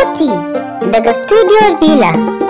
sauti daga Studio Villa.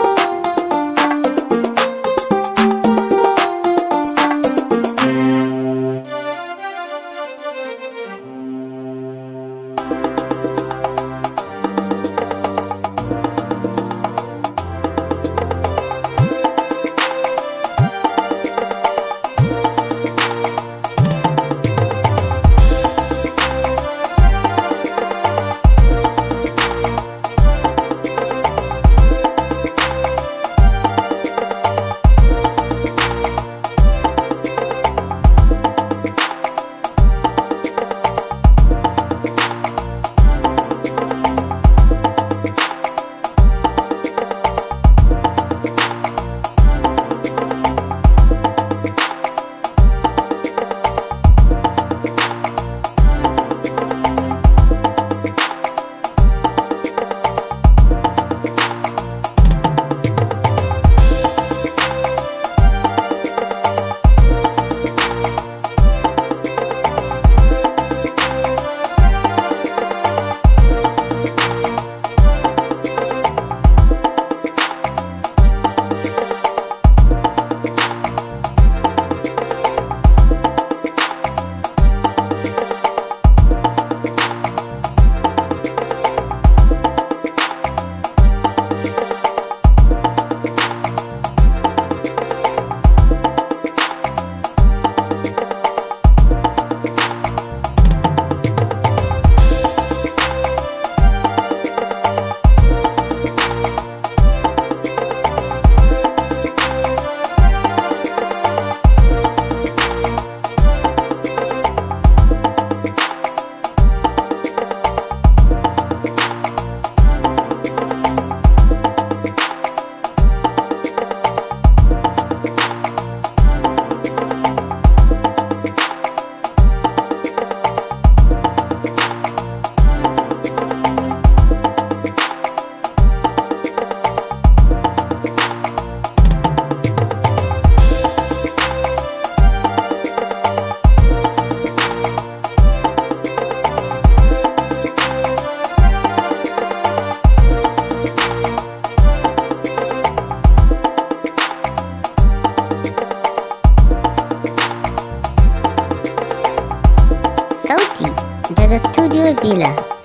Daga Studio Villa.